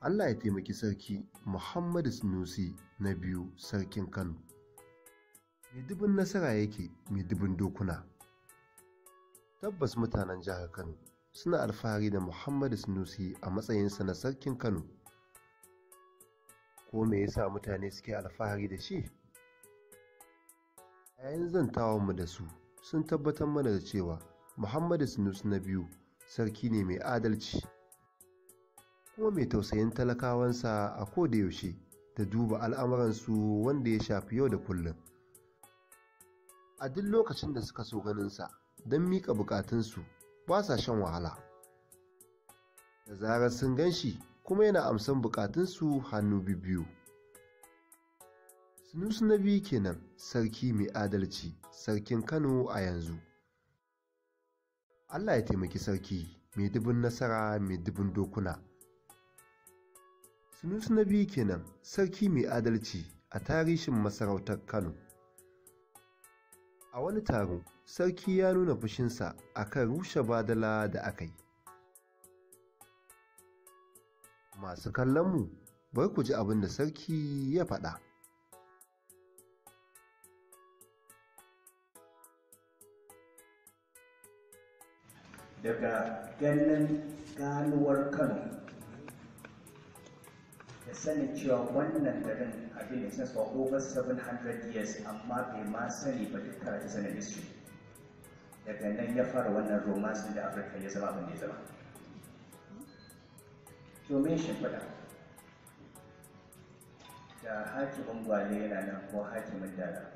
Allah ya taimaki sarki Muhammadu Sinusi na biyu sarkin Kano. Mai dubin nasara yake mai dubin dokuna. Tabbas mutanen jihar Kano suna alfahari da Muhammadu Sinusi a matsayinsa na sarkin Kano. Ko me yasa mutane suke alfahari da shi? Yayin mu da su sun tabbatar mana da cewa Muhammadu Sinusi na biyu sarki ne mai adalci. kuma mai tausayin talakawansa a ko da yaushe duba al'amuransu wanda ya shafi yau da kullum a duk lokacin da suka so ganinsa don miƙa bukatunsu ba sa shan wahala da zarar sun gan shi kuma yana amsan bukatunsu hannu biyu sunusu na biyu kenan sarki mai adalci sarkin kano a yanzu allah ya taimaki sarki mai dubin nasara mai dubin dokuna Sunusu na biyu kenan sarki mai adalci a tarihin masarautar Kano. A wani taro, sarki ya nuna fushinsa a kan rushe badala da aka yi. Masu kallonmu, bar ku ji abin da sarki ya faɗa. Daga ganin ganuwar Kano. da sanin cewa wannan garin abin da since over 700 years amma bai ma sani ba duk karatu sanar history daga nan ya fara wannan romance da afirka ya zama abin da ya zama domin fada da hakimin gwale yana nan ko hakimin dala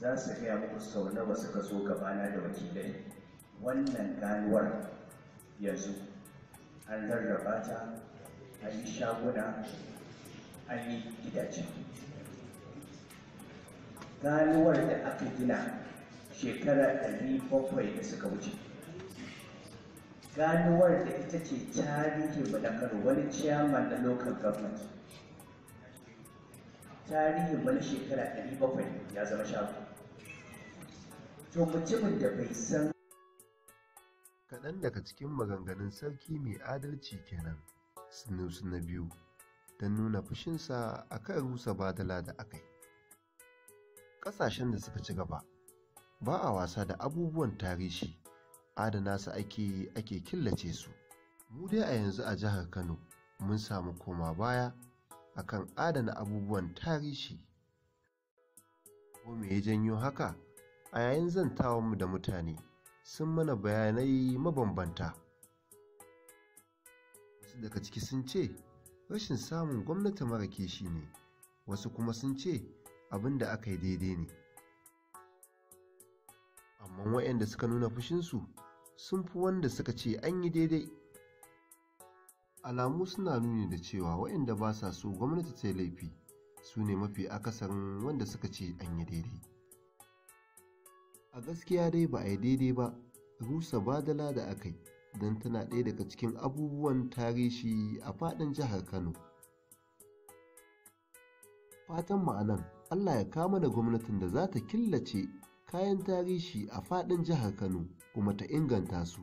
za su gaya muku sau nawa suka zo gabana da wakilai wannan ganuwar yanzu an rarraba ta an yi shaguna an yi gidaje ganuwar da aka gina shekara 700 da suka wuce ganuwar da ita ce tarihi madakar wani chairman na local government tarihin wani shekara 700 ya zama shago to mutumin da bai san kaɗan daga cikin maganganun sarki mai adalci kenan sinus na biyu don nuna fushinsa a kan rusa badala da aka yi. Ƙasashen da suka ci gaba ba a wasa da abubuwan tarihi adana su ake ake killace su. Mu dai a yanzu a jihar Kano mun samu koma baya akan adana abubuwan tarihi. Ko me ya janyo haka? A yayin zantawanmu da mutane sun mana bayanai mabambanta. daga ciki sun ce rashin samun gwamnati mara kishi ne wasu kuma sun ce abin da aka yi daidai ne amma wayanda suka nuna fushinsu sun fi wanda suka ce an yi daidai alamu suna nuni da cewa waɗanda ba sa so gwamnati ta laifi su ne mafi akasarin wanda suka ce an yi daidai a gaskiya dai ba a yi daidai ba rusa badala da aka yi don tana ɗaya daga cikin abubuwan tarihi a faɗin jihar Kano. Fatan ma'anan Allah ya kama da gwamnatin da za ta killace kayan tarihi a faɗin jihar Kano kuma ta inganta su.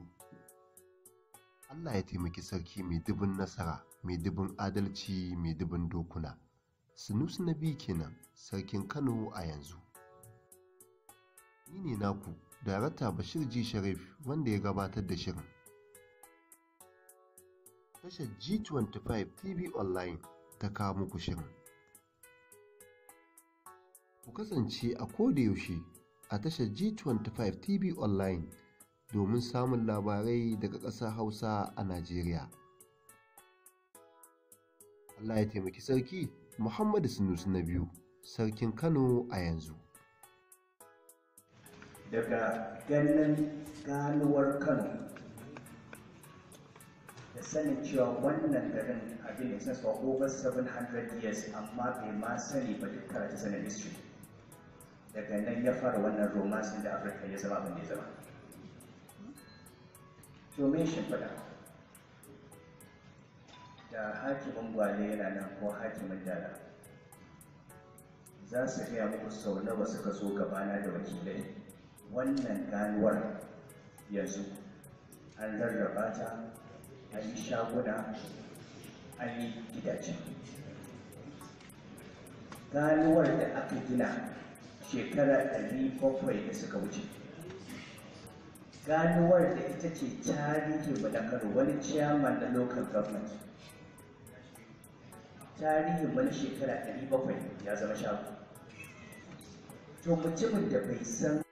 Allah ya taimaki sarki mai dubin nasara, mai dubin adalci, mai dubin dokuna. Sinus na biyu kenan sarkin Kano a yanzu. Ni ne naku, Darakta Bashir G. Sharif wanda ya gabatar da shirin. tashar G25 TV online ta kawo muku shirin. Ku kasance a yaushe a tashar G25 TV online domin samun labarai daga ƙasar Hausa a Najeriya. Allah ya taimaki sarki Muhammadu Sunusu na biyu, sarkin Kano a yanzu. Daga ganin ganuwar Kano. sanin cewa wannan garin abin da since for over 700 years amma bai ma sani ba duk karatu sanin history daga nan ya fara wannan romansin da afirka ya zama abin ya zama domin shimfiɗa da hakimin gwale yana nan ko hakimin dala za su gaya muku sau nawa suka zo gabana da wakilai wannan ganuwar yanzu an rarraba ta an yi shaguna an yi gidaje ganuwar da aka gina shekara ɗari bakwai da suka wuce ganuwar da ita ce tarihi mallakar wani ciyaman na local government tarihin wani shekara ɗari bakwai ya zama shago to mutumin da bai san